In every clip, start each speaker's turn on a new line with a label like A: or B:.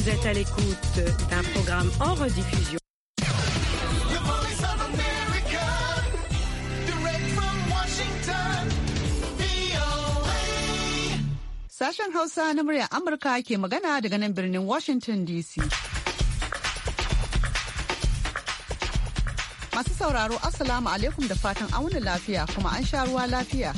A: Vous êtes à l'écoute d'un programme en rediffusion.
B: Sashen Hausa na murya Amurka ke magana daga nan birnin Washington DC. Masu sauraro, Assalamu alaikum da fatan a auna lafiya kuma an sha ruwa lafiya.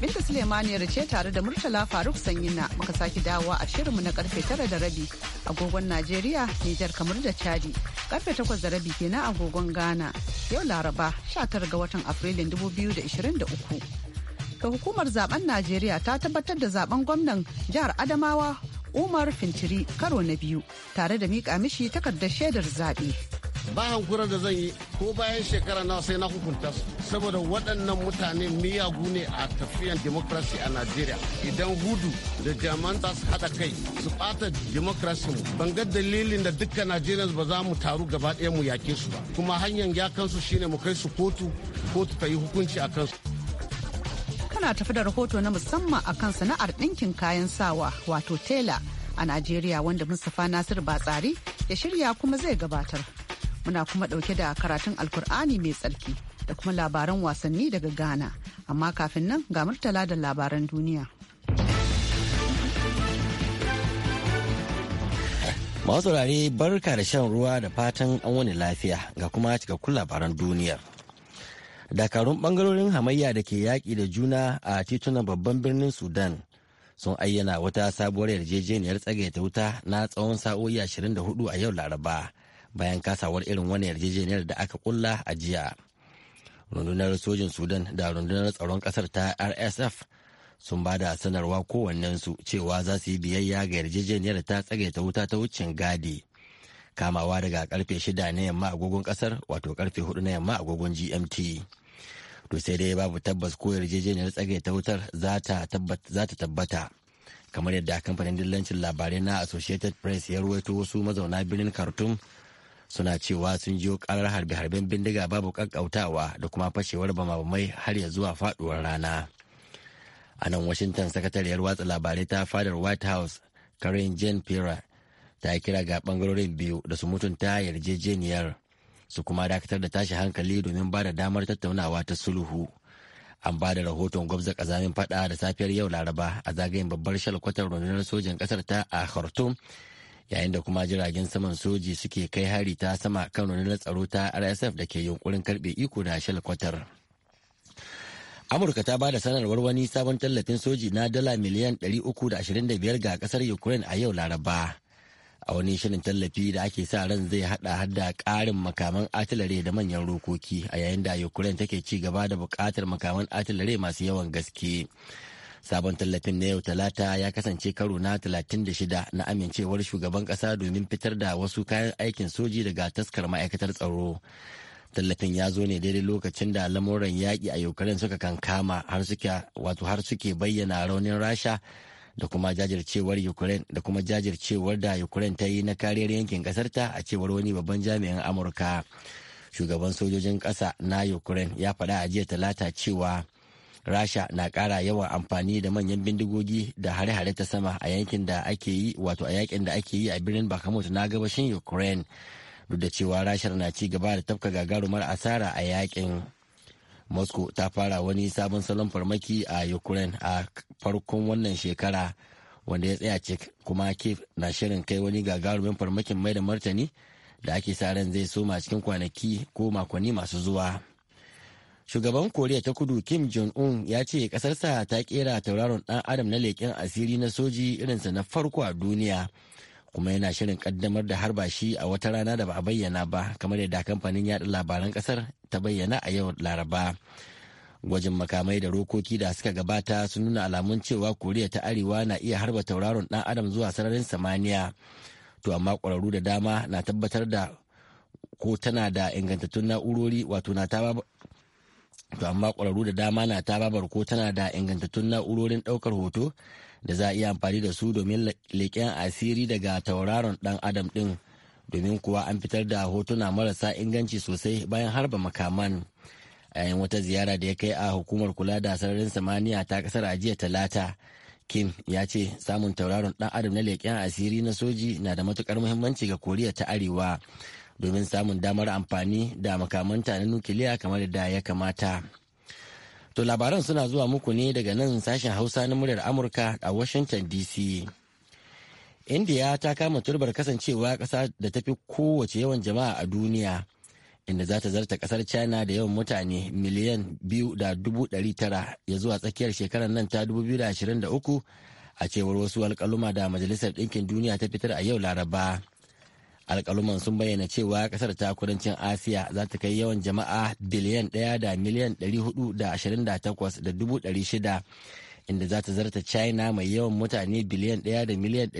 B: Binta suleimaniyar ce tare da Murtala Faruk Sanyina muka sake dawowa a shirinmu na karfe tara da rabi agogon Najeriya, Nijar kamar da Chadi. Karfe takwas da rabi kenan agogon Ghana. Yau Laraba 19 ga watan Afrilun 2023. Da hukumar zaben Najeriya ta tabbatar da zaben gwamnan jihar Adamawa Umar Fintiri karo na biyu tare da mika mishi takardar shaidar zaɓe.
C: ba hankuran da zan yi ko bayan shekara nawa sai na hukunta su saboda waɗannan mutane miyagu ne a tafiyan demokrasi a najeriya idan hudu da jaman za su haɗa kai su ɓata demokrasi mu ban ga dalilin da dukka najeriya ba za mu taru gaba ɗaya mu yake su ba kuma hanyar ya kansu shine mu kai su kotu kotu ta yi hukunci a kansu
B: kana tafi da rahoto na musamman a kan sana'ar ɗinkin kayan sawa wato tela a najeriya wanda mustapha nasir batsari ya shirya kuma zai gabatar muna kuma dauke da karatun alkur'ani mai tsarki da kuma labaran wasanni daga ghana amma kafin nan ga murtala da labaran duniya
D: masu saurare barka da shan ruwa da fatan an wani lafiya ga kuma cikakkun labaran duniyar dakarun bangarorin hamayya da ke yaƙi da juna a titunan babban birnin sudan sun ayyana wata sabuwar yarjejeniyar tsagaita wuta na tsawon sa'o'i 24 a yau laraba bayan kasawar irin wani yarjejeniyar da aka kulla a jiya rundunar sojin sudan da rundunar tsaron kasar ta rsf sun ba da sanarwa kowannensu cewa za su yi biyayya ga yarjejeniyar ta tsagaita wuta ta wucin gadi kamawa daga karfe shida na yamma agogon kasar wato karfe hudu na yamma agogon gmt to sai dai babu tabbas ko yarjejeniyar tsagaita wutar za ta tabbata kamar yadda kamfanin dillancin labarai na associated press ya ruwaito wasu mazauna birnin khartoum suna cewa sun jiyo karar harbe-harben bindiga babu kankautawa da kuma fashewar bamabamai har ya zuwa faduwar rana a nan washington sakatariyar watsa labarai ta fadar white house karen jane pierre ta kira ga bangarorin biyu da su mutunta yarjejeniyar su kuma dakatar da tashi hankali domin ba da damar tattaunawa ta sulhu an ba da rahoton gwabza kazamin fada da safiyar yau laraba a zagayen babbar shalkwatar rundunar sojan kasar ta a khartoum yayin da kuma jiragen saman soji suke kai hari ta sama kan rundunar tsaro ta rsf da ke yunkurin karbe iko da kwatar amurka ta ba da sanarwar wani sabon tallafin soji na dala miliyan 325 ga kasar ukraine a yau laraba a wani shirin tallafi da ake sa ran zai hada hada karin makaman atilare da manyan rokoki a yayin da ukraine take ci gaba da bukatar makaman atilare masu yawan gaske sabon tallafin na yau talata ya kasance karo na 36 na amincewar shugaban kasa domin fitar da wasu kayan aikin soji daga taskar ma'aikatar tsaro tallafin ya zo ne daidai lokacin da lamuran yaƙi a ukraine suka kankama har suke wato har suke bayyana raunin rasha da kuma jajircewar ukraine da kuma jajircewar da ukraine ta yi na kariyar yankin kasarta a cewar wani babban jami'in amurka shugaban sojojin kasa na ukraine ya faɗa a jiya talata cewa rasha na kara yawan amfani da manyan bindigogi da hare-hare ta sama a yankin da ake yi wato a yakin da ake yi a birnin bakamut na gabashin ukraine duk da cewa rashar na ci gaba da tafka gagarumar asara a yakin moscow ta fara wani sabon salon farmaki a ukraine a farkon wannan shekara wanda ya tsaya cik kuma kif na shirin kai wani gagarumin farmakin mai da martani da ake sa ran zai soma cikin kwanaki ko makonni masu zuwa. shugaban koriya ta kudu kim jong-un ya ce kasarsa ta kera tauraron dan adam na leƙen asiri na soji irinsa na farko a duniya kuma yana shirin kaddamar da harba shi a wata rana da ba a bayyana ba kamar yadda kamfanin yaɗa labaran ƙasar ta bayyana a yau laraba gwajin makamai da rokoki da suka gabata sun nuna alamun cewa koriya ta arewa na iya harba tauraron dan adam zuwa sararin samaniya to amma ƙwararru da dama na tabbatar da ko tana da ingantattun na'urori wato na ta to amma kwararru da dama na ta babar ko tana da ingantattun na'urorin ɗaukar hoto da za a iya amfani da su domin leƙen asiri daga tauraron dan adam ɗin domin kuwa an fitar da hotuna marasa inganci sosai bayan harba makaman a yayin wata ziyara da ya kai a hukumar kula da sararin samaniya ta kasar ajiya talata kim ya ce samun tauraron dan adam na leƙen asiri na soji na da matukar muhimmanci ga koriya ta arewa domin samun damar amfani da makamanta na nukiliya kamar da ya kamata. To labaran suna zuwa muku ne daga nan sashen Hausa na muryar Amurka a Washington DC. India ta kama turbar kasancewa ƙasa da tafi kowace yawan jama'a a duniya, inda za ta zarta ƙasar China da yawan mutane miliyan biyu da dubu ɗari tara ya zuwa tsakiyar shekarar nan ta dubu biyu da ashirin da uku a cewar wasu alƙaluma da Majalisar Ɗinkin Duniya ta fitar a yau Laraba. alkaluman sun bayyana cewa kasar ta kudancin asiya za ta kai yawan jama'a biliyan daya da miliyan dubu dari shida inda za ta zarta china mai yawan mutane biliyan daya da miliyan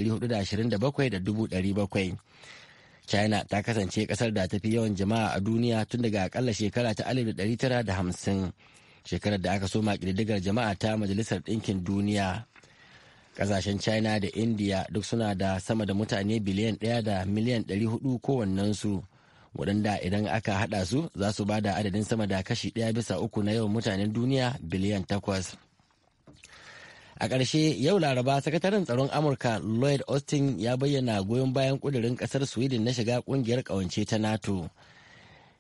D: dubu dari bakwai china ta kasance kasar da ta fi yawan jama'a a duniya tun daga akalla shekara ta alif shekarar da aka soma kididdigar jama'a ta majalisar ɗinkin duniya kasashen china da india duk suna da sama da mutane biliyan ɗaya da miliyan hudu kowannensu waɗanda idan aka haɗa su za su ba da adadin sama da kashi ɗaya bisa uku na yawan mutanen duniya biliyan takwas a ƙarshe yau laraba sakataren tsaron amurka lloyd austin ya bayyana goyon bayan ƙudurin ƙasar sweden na shiga ƙungiyar ƙawance ta nato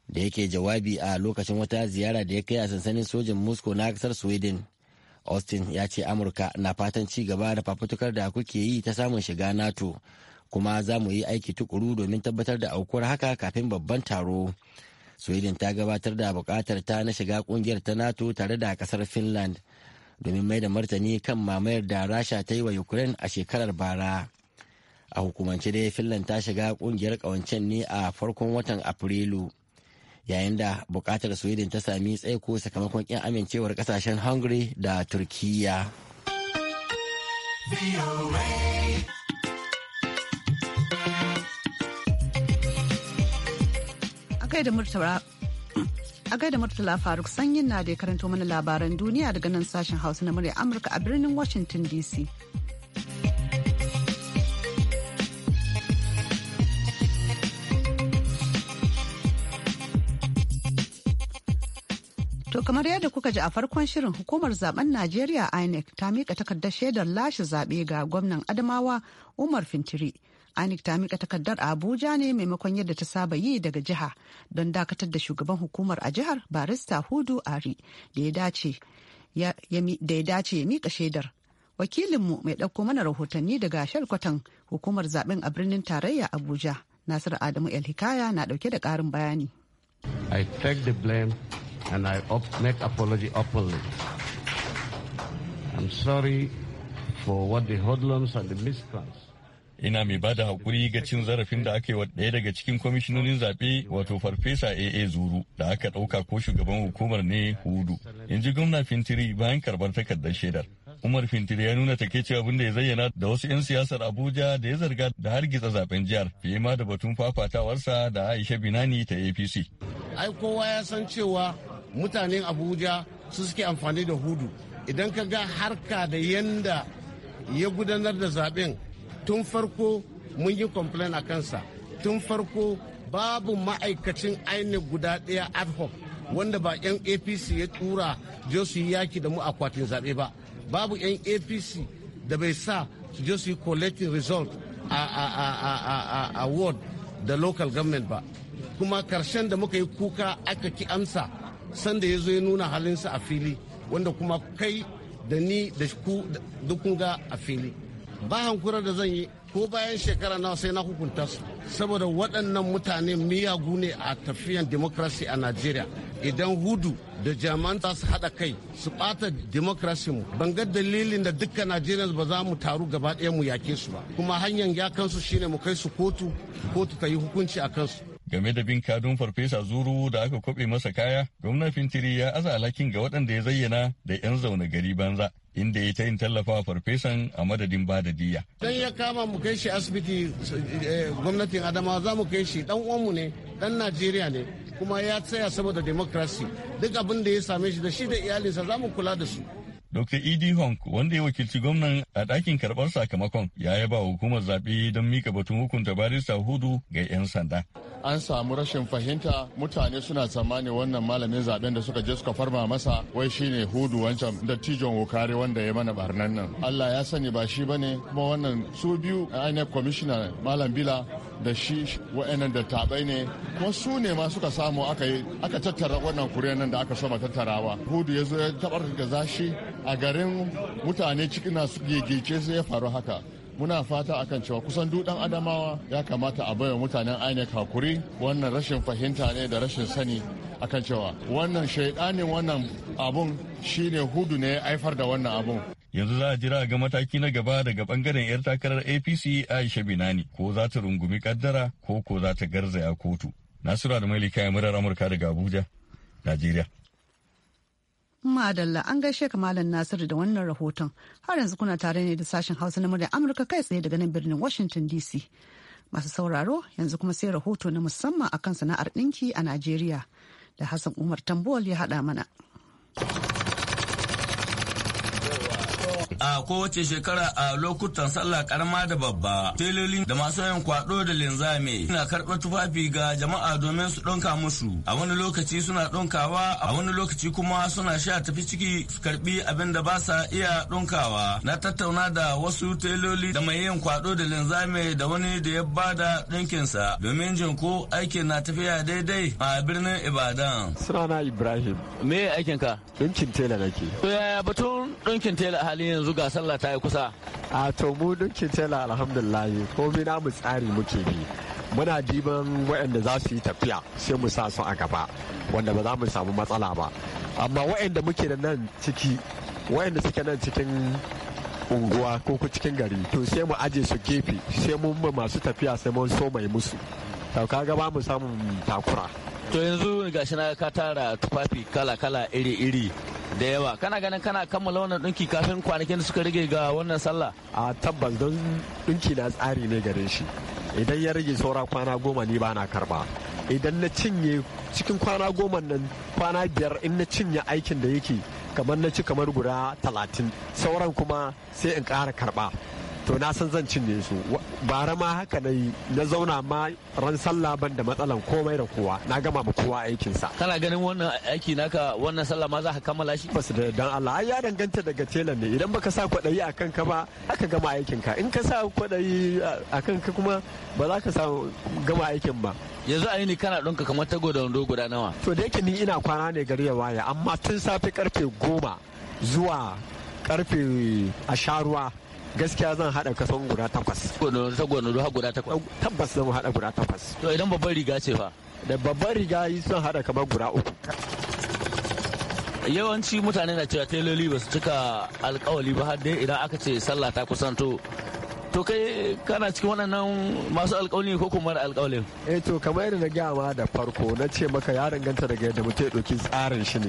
D: da yake jawabi a lokacin wata ziyara da ya kai a sansanin sojin moscow na ƙasar sweden austin ya ce amurka na fatan ci gaba da fafutukar da kuke yi ta samun shiga nato kuma za mu yi aiki tukuru domin tabbatar da aukuwar haka kafin babban taro sweden ta gabatar da bukatar ta na shiga kungiyar ta nato tare da kasar finland domin mai da martani kan mamayar da rasha ta yi wa ukraine a shekarar bara a hukumance dai finland ta shiga kungiyar kawancen ne a farkon watan afrilu yayin da bukatar sweden ta sami tsaiko sakamakon kin amincewar kasashen hungary da turkiya
B: a gaida murtala faruk sanyin na da ya karanto mana labaran duniya daga nan sashen hausa na murya amurka a birnin washington dc To kamar yadda kuka ji a farkon shirin hukumar zaben Najeriya INEC ta mika takardar shaidar lashe zaɓe ga gwamnan Adamawa Umar Fintiri. INEC ta mika takardar a Abuja ne maimakon yadda ta saba yi daga jiha don dakatar da shugaban hukumar a jihar Barista Hudu Ari da ya dace ya mika shaidar. Wakilinmu mai ɗauko mana rahotanni daga shalkwatan hukumar zaben a birnin tarayya Abuja. Nasiru Adamu El Hikaya na ɗauke da ƙarin bayani.
C: I take the blame and I make apology openly. I'm sorry for what the hoodlums and the miscreants
E: ina mai ba da haƙuri ga cin zarafin da aka yi wa ɗaya daga cikin kwamishinonin zaɓe wato farfesa aa zuru da aka ɗauka ko shugaban hukumar ne hudu in ji gwamna fintiri bayan karɓar takardar shaidar Umar Fintiri ya nuna cewa abin da ya zayyana da wasu 'yan siyasar Abuja da ya zarga da hargitsa zaben jihar fiye ma da batun fafatawarsa da Aisha Binani ta APC.
C: Ai kowa ya san cewa mutanen Abuja su suke amfani da hudu. Idan ka ga harka da yanda ya gudanar da zaben tun farko mun yi complain a kansa. Tun farko babu ma'aikacin INEC guda ɗaya ad hoc wanda ba 'yan APC ya tura je su yi yaki da mu akwatin zaɓe ba. babu yan apc da bai sa su je su yi collecting result a award da local government ba kuma karshen da muka yi kuka aka ki amsa sanda ya zo ya nuna halinsa a fili wanda kuma kai da ni da ku duk a fili ba hankura da zan yi ko bayan shekara nawa sai na hukunta su saboda waɗannan mutane miyagu ne a tafiyan demokrasi a najeriya idan hudu da jaman za su haɗa kai su ɓata demokrasi mu ban ga dalilin da duka najeriya ba za mu taru gaba ɗaya mu yake su ba kuma hanyar ya kansu shine mu kai su kotu kotu ta yi hukunci a kansu game da bin kadun farfesa zuru da aka kwabe masa kaya
E: gwamnatin tiri ya aza alakin ga waɗanda ya zayyana da 'yan zaune gari banza inda ya ta yin tallafawa farfesan a madadin ba da diya.
C: Dan ya kama mu kai shi asibiti eh, gwamnatin adama za mu kai shi dan uwanmu ne dan Najeriya ne kuma ya tsaya saboda demokrasi duk abin da ya same shi da shi da iyalinsa za mu kula da su. Dr.
E: E.D. honk wanda ya wakilci gwamnan a ɗakin karɓar sakamakon ya yaba hukumar zaɓe don mika batun hukunta barista hudu ga 'yan sanda.
F: an samu rashin fahimta mutane suna tsammani wannan malamin zaben da suka je suka farma masa wai shine hudu wancan tijon wukari wanda ya mana barnan nan allah ya sani ba shi bane kuma wannan su biyu ainihin kwamishina malam bila da shi wa'annan da tabai ne kuma su ne ma suka samu aka yi aka tattara wannan kuriyar nan da aka soma tattarawa hudu ya zo ya tabar gaza zashi a garin mutane cikin su gegece sai ya faru haka muna fata akan cewa kusan duk adamawa ya kamata a baiwa mutanen INEC hakuri wannan rashin fahimta ne da rashin sani akan cewa wannan shaidanin wannan abun shine hudu ne ya haifar da wannan abun
E: yanzu za a jira ga mataki na gaba daga bangaren 'yar takarar apc aisha binani ko za ta rungumi kaddara ko ko za ta garzaya kotu nasiru da mai murar amurka daga abuja najeriya
B: Madalla an gaishe ka Malam Nasiru da wannan rahoton. Har yanzu kuna tare ne da sashen Hausa na murya Amurka kai tsaye daga nan birnin Washington DC. Masu sauraro yanzu kuma sai rahoto na musamman akan sana'ar ɗinki a Najeriya da Hassan Umar Tambol ya haɗa mana.
F: a kowace shekara a lokutan sallah karama da babba telolin da masu yin kwado da linzame suna karɓar tufafi ga jama'a domin su ɗonka musu a wani lokaci suna ɗonkawa a wani lokaci kuma suna sha tafi ciki su karɓi abin da ba sa iya ɗonkawa na tattauna da wasu teloli da mai yin kwado da linzame da wani da ya bada ɗinkinsa domin jin ko aikin na tafiya daidai a birnin ibadan sunana ibrahim me aikinka ɗinkin tela nake batun ɗinkin tela halin yanzu yanzu ga sallah ta yi kusa
G: a to mu dukkin tela alhamdulillah komai na mu tsari muke bi muna diban waɗanda za su yi tafiya sai mu sa su a gaba wanda ba za mu samu matsala ba amma waɗanda muke da nan ciki waɗanda suke nan cikin unguwa ko ku cikin gari to sai mu aje su gefe sai mu mun masu tafiya sai mun so mai musu to kaga ba mu samun takura
F: to yanzu gashi na ka tara tufafi kala-kala iri-iri da yawa kana ganin kana kammala wannan dinki kafin kwanakin da suka rage ga wannan sallah a tabbas don dinki na tsari ne gare shi idan ya
G: rage saura kwana goma ni ba na karba idan na cinye cikin kwana goma nan kwana biyar in na cinye aikin da yake kamar na ci kamar guda talatin sauran kuma sai in ƙara karba to na san zan cinye su bara ma haka na yi na zauna ma ran sallah ban da matsalan komai da kowa na gama ma kowa aikinsa
F: kana ganin wannan aiki naka wannan sallah ma za ka kammala shi basu da dan Allah ai ya danganta daga telan ne idan baka sa
G: kwadayi akan ka ba aka gama aikin ka in ka sa kwadayi akan ka kuma ba za ka samu gama aikin ba
F: yanzu a ni kana ɗonka kamar tago da wando guda nawa to da yake ni ina
G: kwana ne gari ya waya amma tun safe karfe goma zuwa karfe a sha ruwa gaskiya zan hada kason guda takwas. Ta gwanadu ha guda takwas. Tabbas
F: zan hada guda takwas. To idan babban riga ce fa?
G: Da babban riga yi zan hada kamar guda uku.
F: yawanci mutane na cewa teloli ba su cika alkawali ba har dai idan aka ce sallah ta kusanto to kai kana cikin waɗannan masu alkawali ko kuma mara alkawalin
G: eh to kamar yadda na gaya ma da farko na ce maka ya danganta daga yadda mutum ya ɗauki tsarin shi ne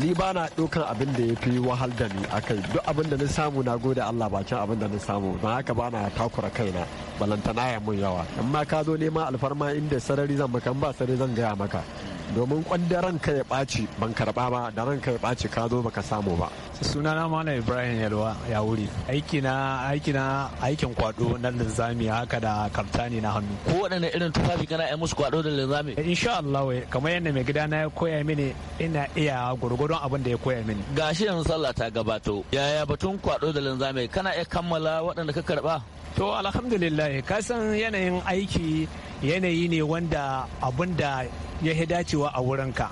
G: ni ba na ɗaukan abin da ya fi wahal da ni a kai duk abin da na samu na gode Allah bakin abin da na samu don haka ba na takura kaina balantana ya mun yawa amma ka zo nema alfarma inda sarari zan maka ba sarari zan gaya maka domin kwanda ranka ya ɓaci ban karɓa ba da ranka ya ɓaci ka zo baka samu ba
H: sunana malam ibrahim yalwa ya wuri aiki na aikin kwado na linzami haka da kaftani na hannu ko waɗanne irin tufafi kana yi musu kwado da linzami eh, insha Allah kamar yadda mai gida na ya koya mini ina iya gurgurdon abin da ya koya mini
F: gashi yanzu sallah ta gabato yaya batun kwado da linzami kana iya kammala waɗanda ka karɓa to alhamdulillah ka san yanayin
H: aiki yanayi ne wanda abin da ya fi dacewa a wurinka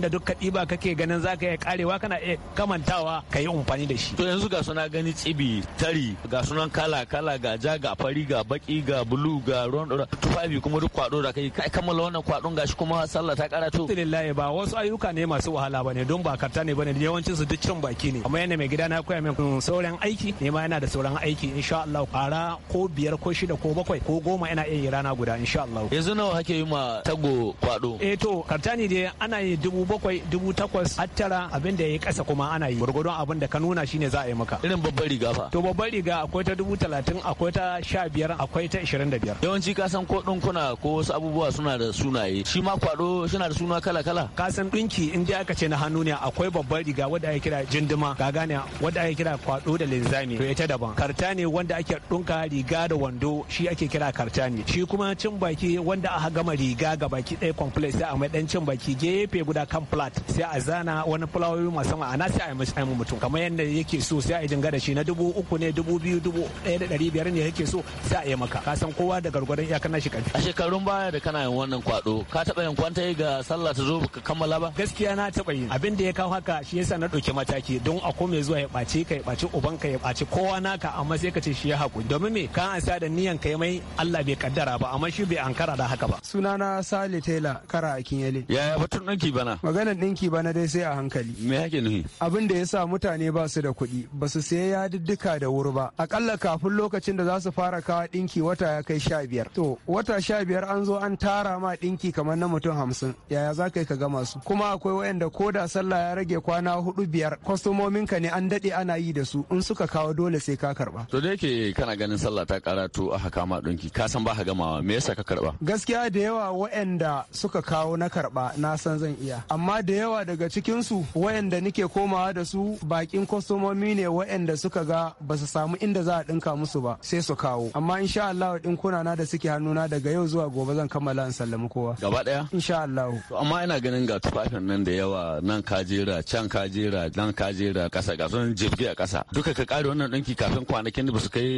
H: da duk ka ɗiba kake ganin zaka iya karewa kana iya kamantawa ka yi amfani da shi. To
F: yanzu ga suna gani tsibi tari ga sunan kala kala ga ja ga fari ga baki ga bulu ga ruwan ɗora tufafi kuma duk kwaɗo da kai kai kammala wannan kwaɗon gashi kuma sallah ta to. Alhamdulillah ba wasu ayyuka
H: ne masu wahala bane don ba karta ne ba ne yawancin su duk cin baki ne amma yana mai gida na koya min mm, sauran aiki ne ma yana da sauran aiki insha Allah kara ko biyar ko shida ko bakwai ko goma yana iya yi rana guda insha Allah.
F: Yanzu nawa kake yi ma tago kwaɗo.
H: eh to kartani dai ana yi dubu bakwai dubu takwas attara tara abin da ya yi ƙasa kuma ana yi gwargwadon abin da ka nuna shine za a yi maka
F: irin babbar riga fa
H: to babbar riga akwai ta dubu talatin akwai ta sha biyar akwai ta ishirin da biyar
F: yawanci ka san ko ɗinkuna ko wasu abubuwa suna da sunaye shi ma kwaɗo suna da suna kala kala ka san ɗinki
H: in dai aka ce na hannu ne akwai babbar riga wadda ake kira jinduma ka gane wadda ake kira kwaɗo da linzami to ita daban karta ne wanda ake ɗinka riga da wando shi ake kira karta ne shi kuma cin baki wanda aka gama riga ga baki ɗaya complex sai a mai dan cin baki gefe guda kan flat sai a zana wani fulawoyi masu ma'ana sai a yi mutum kamar yadda yake so sai a yi dinga da shi na dubu uku ne dubu biyu dubu ɗaya da ɗari biyar ne yake so sai a yi maka ka san kowa da gargwadon iyakar nashi karfi
F: a shekarun baya da kana yin wannan kwado ka taɓa yin kwanta ga sallah ta zo ka kammala ba gaskiya
H: na taɓa yi abin da ya kawo haka shi yasa na ɗauki mataki don a kome zuwa ya ɓaci ka ya ɓaci uban ka ya ɓaci kowa naka amma sai ka ce shi ya haƙuri domin me ka an sa da niyan ka mai Allah bai kaddara ba amma
I: shi bai ankara da haka ba sunana Sale Taylor kara nasara a kinyale yaya batun ɗinki bana maganar ɗinki bana dai sai a hankali me yake nufi abin da ya sa mutane ba su da kuɗi ba su sayi yadiddika da wuri ba akalla kafin lokacin da za su fara kawo ɗinki wata ya kai sha biyar to wata sha biyar an zo an tara ma ɗinki kamar na mutum hamsin yaya za ka yi ka gama su kuma akwai waɗanda ko da sallah ya rage kwana hudu biyar kwastomominka ne an daɗe ana yi da su in suka kawo dole sai ka karɓa.
F: to da yake kana ganin sallah ta karatu aka kama ɗinki ka san ba ka gamawa me yasa ka karɓa.
I: gaskiya da yawa waɗanda suka kawo kawo na karba na san zan iya amma da yawa daga cikin su wayanda nike komawa da su bakin kwastomomi ne wayanda suka ga ba su samu inda za a dinka musu ba sai su kawo amma insha Allah din kuna na da suke hannuna daga yau zuwa gobe zan kammala in sallami kowa gaba daya insha Allah
F: to amma ina ganin ga tufafin nan da yawa nan kajera can kajera nan kajera kasa ga sun jibge a kasa duka ka kare wannan dinki kafin kwanakin da ba su kai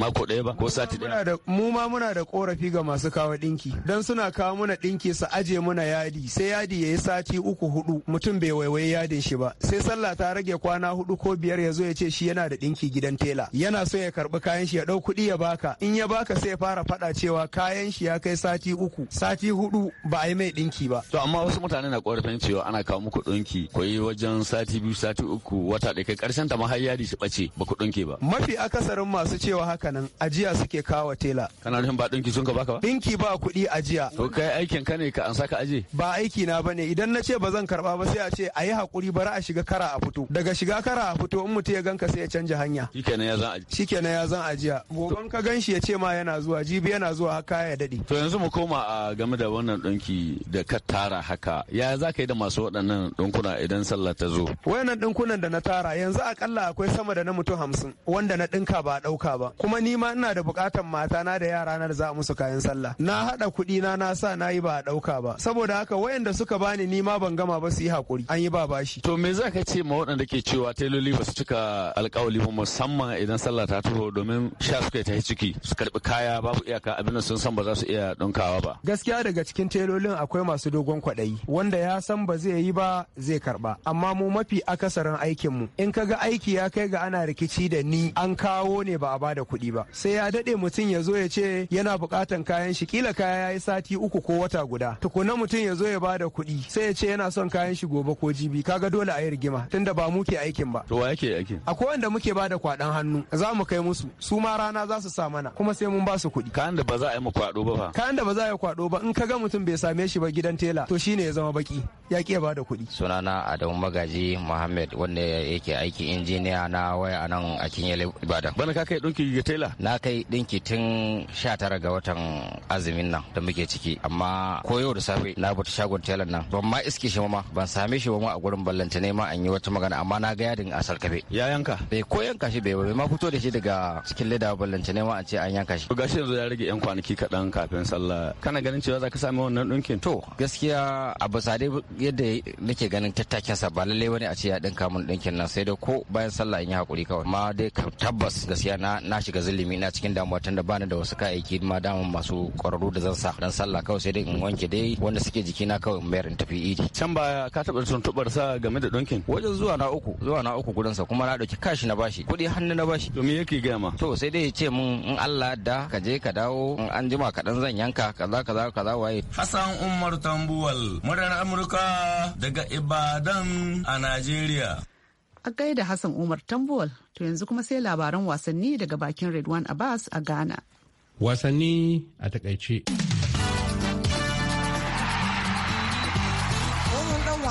F: mako daya ba ko sati
I: daya mu ma muna da korafi ga masu kawo dinki dan suna kawo muna dinki su aje muna yadi sai yadi ya yi sati uku hudu mutum bai waiwaye yadin shi ba sai sallah ta rage kwana hudu ko biyar ya zo ya ce shi yana da dinki gidan tela yana so ya karbi kayan shi ya dau kudi ya baka in ya baka sai ya fara faɗa cewa kayan shi ya kai sati uku sati hudu ba a yi mai dinki ba. to
F: amma wasu mutane na korafin cewa ana kawo muku dinki koyi wajen sati biyu sati uku wata da kai karshen ta ma har yadi shi bace ba ku dinki ba. mafi
I: akasarin masu cewa haka nan ajiya suke kawo tela.
F: kana nufin ba dinki sun ka baka ba. dinki ba kudi ajiya. to kai aikin ka ne ka ansa ka aje
I: ba aiki na bane idan na ce ba zan karba ba sai a ce a yi hakuri bari a shiga kara a fito daga shiga kara a fito in mutum ya ganka sai ya canja hanya
F: shikenan ya zan aje
I: shikenan ya zan ajiya goban ka ganshi ya ce ma yana zuwa jibi yana zuwa haka ya dadi.
F: to yanzu mu koma a game da wannan dinki da ka tara haka ya za ka yi da masu waɗannan dinkuna idan sallah ta zo
I: wayannan dinkunan da na tara yanzu akalla akwai sama da na mutum hamsin wanda na dinka ba a ɗauka ba kuma ni ma ina da bukatan matana da yara na da za a musu kayan sallah na haɗa kuɗi na na sa na yi ba a ɗauka ba saboda haka wayanda suka bani ni ma ban gama ba su yi hakuri an yi ba bashi to me zaka ce
F: ma waɗanda ke cewa tailoli ba su cika alkawali ba musamman idan sallah ta taho domin sha suka ta ciki su karbi kaya babu iyaka abin sun san ba za su iya dunkawa ba
I: gaskiya daga cikin tailolin akwai masu dogon kwaɗayi wanda ya san ba zai yi ba zai karba amma mu mafi akasarin aikin mu in ka ga aiki ya kai ga ana rikici da ni an kawo ne ba a bada kuɗi ba sai ya daɗe mutum ya zo ya ce yana buƙatan kayan shi kila kaya ya yi sati uku ko wata guda tukuna Na mutum ya zo ya ba da kuɗi sai ya ce yana son kayan shi gobe ko jibi kaga dole a yi rigima tunda ba mu ke aikin ba.
F: To wa yake aikin?
I: Akwai wanda muke ba da kwaɗan hannu za mu kai musu su ma rana za su sa mana kuma sai mun ba su kuɗi.
F: Kayan da ba za a yi mu kwaɗo ba
I: Kayan da ba za a yi kwaɗo ba in ka ga mutum bai same shi ba gidan tela to shine ya zama baki ya ƙi ba da kuɗi.
J: Sunana Adamu Magaji muhammed wanda yake aiki injiniya na waya nan a Kinyele Ibadan. Bana ka kai ɗinki ga tela? Na kai ɗinki tun tara ga watan azumin nan da muke ciki amma ko yau da labe na bata shagon telan nan ban ma iske shi ma ban same shi ba ma a gurin ballanta ne ma an yi wata magana amma na ga yadin a sarkafe ya yanka bai ko yanka shi bai ma fito da shi daga cikin leda ballanta ne ma an ce an yanka shi
F: shi yanzu ya rage yan kwanaki kaɗan kafin sallah
J: kana ganin cewa za ka sami wannan ɗinkin to gaskiya a basa dai yadda nake ganin tattakin sa ba lallai wani a ce ya ɗinka mun ɗinkin nan sai dai ko bayan sallah in yi hakuri kawai ma dai tabbas gaskiya na na shiga zulumi na cikin damuwa tunda bani da wasu kayayyaki ma daman masu ƙwararru da zan sa dan sallah kawai sai dai in wanke dai wanda suke jikina kawai mayar in tafi idi can baya ka taɓa tuntuɓar sa game da donkin. wajen zuwa na uku zuwa na uku gurinsa kuma na ɗauki kashi na bashi kuɗi hannu na bashi to me yake gaya ma to sai dai ya ce mun in Allah da ka je ka dawo in an jima kaɗan zan yanka kaza kaza kaza waye Hassan
F: Umar Tambuwal murar Amurka daga Ibadan a Najeriya
B: a gaida Hassan Umar Tambuwal to yanzu kuma sai labaran wasanni daga bakin Redwan Abbas a Ghana
I: wasanni a takaice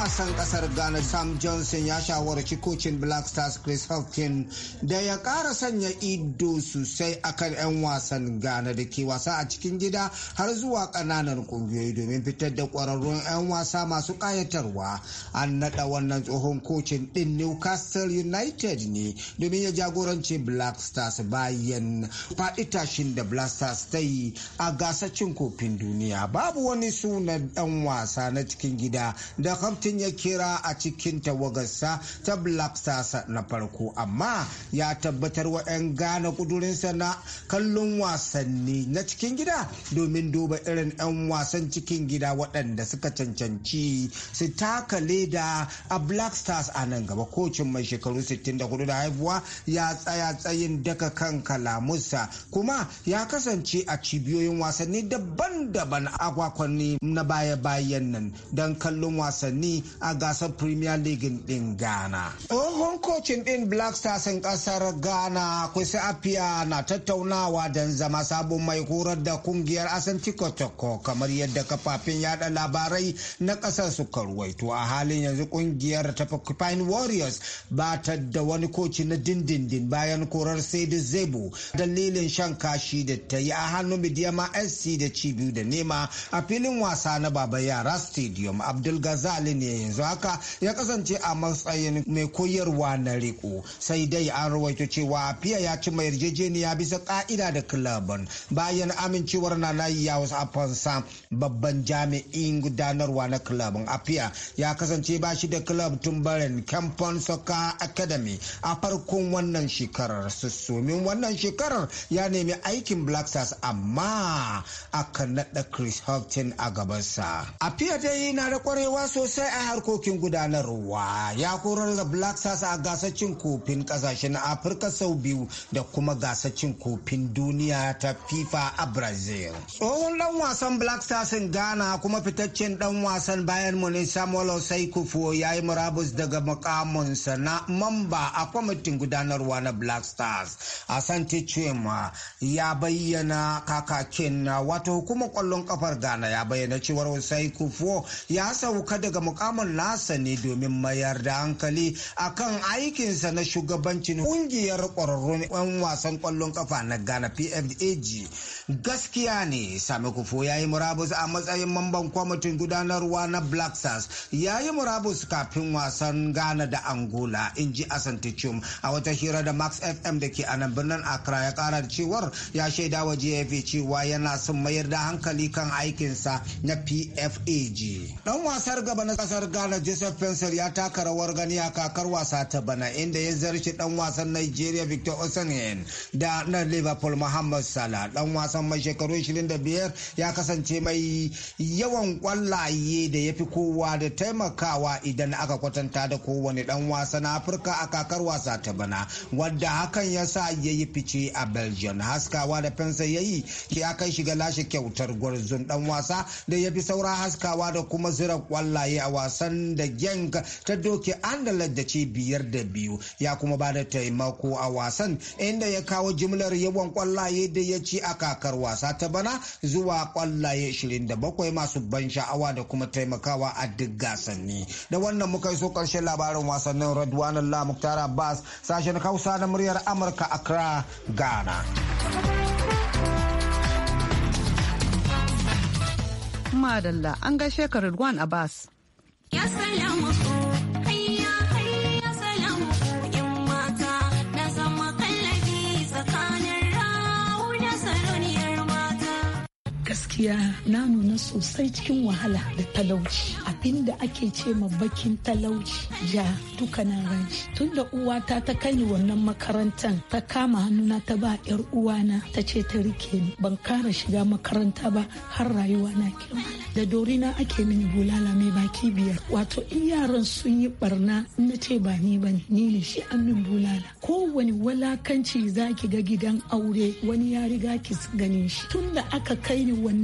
K: wasan kasar Ghana Sam Johnson ya shawarci kocin Black Stars Chris Houghton da ya ƙara sanya ido sosai akan 'yan wasan Ghana da ke wasa a cikin gida har zuwa ƙananan ƙungiyoyi domin fitar da ƙwararrun 'yan wasa masu ƙayatarwa. An naɗa wannan tsohon kocin ɗin Newcastle United ne domin ya jagoranci Black Stars bayan faɗi tashin da Black Stars ta yi a gasar cin kofin duniya. Babu wani sunan ɗan wasa na cikin gida da Hampton Martin ya kira a cikin tawagarsa ta Black Stars na farko amma ya tabbatar wa 'yan gane kudurinsa na kallon wasanni na cikin gida domin duba irin 'yan wasan cikin gida waɗanda suka cancanci su taka leda a Black Stars a nan gaba kocin mai shekaru 64 da haifuwa ya tsaya tsayin daga kan kalamusa kuma ya kasance a cibiyoyin wasanni daban-daban a na baya-bayan nan don kallon wasanni a gasar premier league din ghana tsohon kocin din black stars in kasar ghana kwesi apia na tattaunawa don zama sabon mai horar da kungiyar asanti kotoko kamar yadda kafafen yada labarai na kasar suka ruwaito a halin yanzu kungiyar ta porcupine warriors ba ta da wani koci na dindindin bayan korar sai da zebo dalilin shan kashi da ta yi a hannun midiyama sc da cibiyu da nema a filin wasa na baba yara stadium Abdulgazali ne yanzu haka ya kasance a matsayin mai koyarwa na riko sai dai an rawaito cewa fiya ya ci mai yarjejeniya bisa ka'ida da kilabin bayan amincewar ya wasu afansa babban jami'in gudanarwa na kilabin afiya ya kasance ba shi da kilab tun barin kamfan soka academy a farkon wannan shekarar sussumin wannan shekarar ya nemi aikin black stars amma a kan naɗa chris hopton a gabansa afiya dai na da kwarewa sosai a harkokin gudanarwa ya korar da black stars a gasar cin kofin kasashen afirka sau biyu da kuma gasar kofin duniya ta fifa a brazil tsohon dan wasan black stars in ghana kuma fitaccen dan wasan bayan muni samuel osai kufo ya yi murabus daga mukaminsa na mamba a kwamitin gudanarwa na black stars a santi chema ya bayyana kakakin wato hukumar kwallon kafar ghana ya bayyana cewar osai kufo ya sauka daga mukamin samun nasa ne domin mayar da hankali akan aikinsa na shugabancin kungiyar ƙwararrun 'yan wasan ƙwallon kafa na Ghana PFAG. Gaskiya ne Sami Kufo ya yi murabus a matsayin mamban kwamitin gudanarwa na Black Stars ya yi murabus kafin wasan Ghana da Angola in ji Asantichum a wata hira da Max FM da ke a nan birnin Accra ya kara cewar ya shaida wa GFA cewa yana son mayar da hankali kan aikinsa na PFAG. Dan wasar gaba na kasar kasar ghana joseph pencil ya taka rawar gani a kakar wasa ta bana inda ya zarce dan wasan nigeria victor osimhen da na liverpool muhammad salah dan wasan mai shekaru 25 ya kasance mai yawan kwallaye da ya fi kowa da taimakawa idan aka kwatanta da kowane dan wasa na afirka a kakar wasa ta bana wadda hakan ya sa ya yi fice a belgium haskawa da pencil ya yi ya kai shiga lashe kyautar gwarzon dan wasa da ya fi saura haskawa da kuma zira kwallaye a wasa wasan da Genk ta doke Anderlecht da ci biyar da biyu ya kuma ba da taimako a wasan inda ya kawo jimlar yawan kwallaye da ya ci a kakar wasa ta bana zuwa kwallaye 27 masu ban sha'awa da kuma taimakawa a duk gasanni da wannan muka yi so karshen labarin wasannin Radwan Allah Muktar Abbas sashen Hausa na muryar Amurka
B: Accra Ghana. Madalla an gaishe ka a Abbas.
A: Ya gaskiya na nuna sosai cikin wahala da talauci abinda ake ce ma bakin talauci ja duka na ranci tunda uwata ta kai wannan makarantar ta kama hannuna ta ba yar uwana ta ce ta rike ni ban kara shiga makaranta ba har rayuwa na girma da dorina ake mini bulala mai baki biyar wato in yaran sun yi barna in na ce ba ni ba ni ne shi an min bulala kowane walakanci zaki ga gidan aure wani ya riga ki ganin shi tunda aka kai ni wannan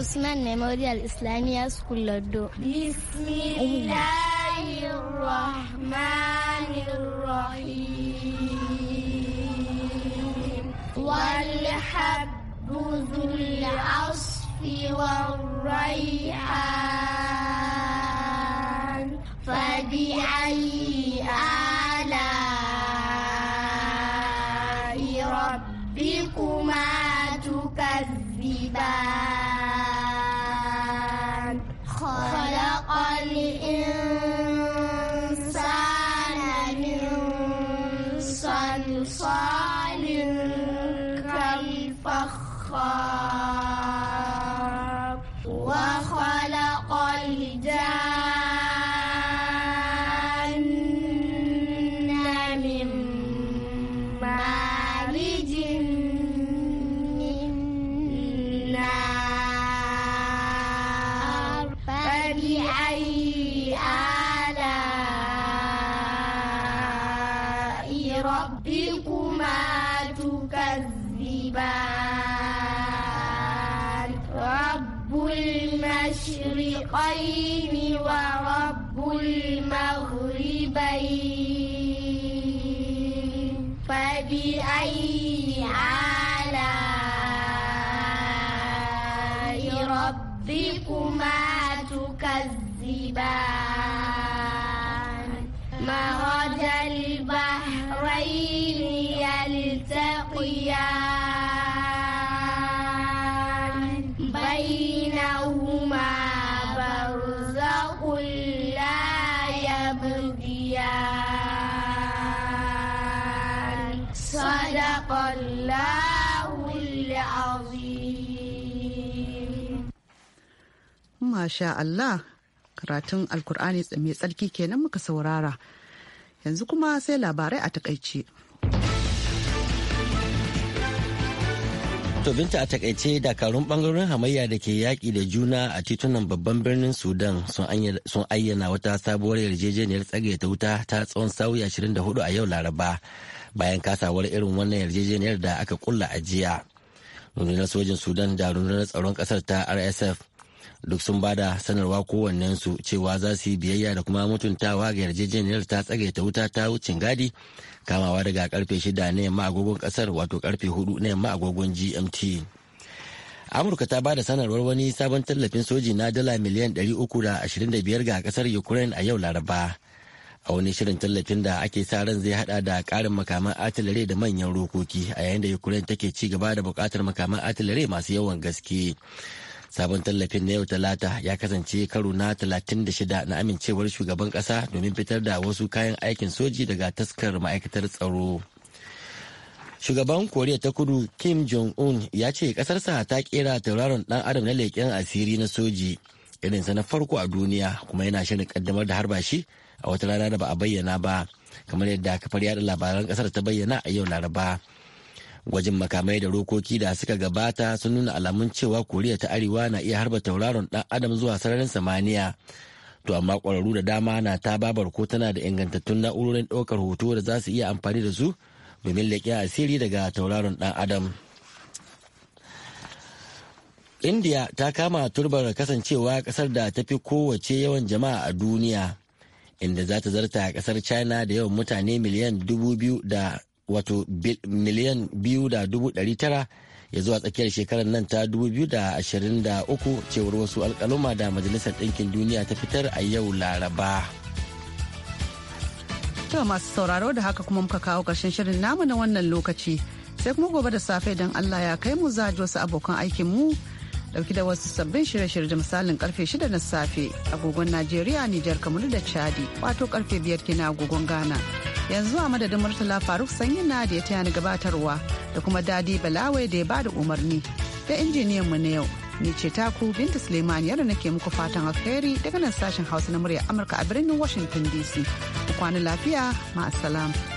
L: Usman Memorial Islamiyya School Loddo. Bismillahirrahmanirrahim. والريحان فبأي المشرقين ورب المغربين فبأي آلاء ربكما تكذبان
A: مرجان
B: masha Allah karatun alkur'ani mai tsarki kenan muka saurara yanzu kuma sai labarai a takaice.
D: To binta a takaice dakarun bangarorin hamayya da ke yaƙi da juna a titunan babban birnin Sudan sun ayyana wata sabuwar yarjejeniyar ta wuta ta tsawon sauyi 24 a yau Laraba bayan kasawar irin wannan yarjejeniyar da aka kulla a jiya. Rundunar sojin Sudan da rundunar tsaron ƙasar ta RSF duk sun bada sanarwa kowannensu cewa za su yi biyayya da kuma mutuntawa ga yarjejeniyar ta tsage ta wuta ta wucin gadi kamawa daga karfe shida na yamma agogon kasar wato karfe hudu na yamma agogon gmt amurka ta bada sanarwar wani sabon tallafin soji na dala miliyan 325 ga kasar ukraine a yau laraba a wani shirin tallafin da ake sa ran zai hada da karin makaman atilare da manyan rokoki a yayin da ukraine take ci gaba da bukatar makaman atilare masu yawan gaske sabon tallafin na yau talata ya kasance karo na 36 na amincewar shugaban kasa domin fitar da wasu kayan aikin soji daga taskar ma'aikatar tsaro shugaban koriya ta kudu kim jong-un ya ce kasarsa ta kera tauraron dan adam na leƙen asiri na soji irinsa na farko a duniya kuma yana shirin kaddamar da harba shi a wata rana da ba a bayyana ba kamar yadda kafar yada labaran kasar ta bayyana a yau laraba gwajin makamai da rokoki da suka gabata sun nuna alamun cewa koriya ta arewa na iya harba tauraron dan adam zuwa sararin samaniya to amma kwararru da dama na ta babar ko tana da ingantattun na'urorin ɗaukar hoto da za su iya amfani da su domin leƙen asiri daga tauraron dan adam india ta kama turbar kasancewa kasar da ta fi kowace yawan jama'a a duniya inda za ta zarta kasar china da yawan mutane miliyan dubu biyu da wato miliyan biyu da dubu ɗari tara ya zuwa tsakiyar shekarar nan ta ashirin da uku cewar wasu alkaluma da majalisar ɗinkin duniya ta fitar a yau laraba.
B: To masu sauraro da haka kuma muka kawo ƙarshen shirin namu na wannan lokaci sai kuma gobe da safe don Allah ya kai mu za wasu abokan aikin mu dauki da wasu sabbin shirye-shirye da misalin karfe 6 na safe agogon Najeriya, Nijar, Kamaru da Chadi wato karfe 5 kina agogon Ghana. yanzu a madadin murtala faruk na da ya taya ni gabatarwa da kuma dadi balawai da ya bada umarni da injiniyan mu na yau ni ce taku binta suleiman yadda nake muku fatan alheri daga nan sashen hausa na murya amurka a birnin washington dc ku kwana lafiya ma'asalam.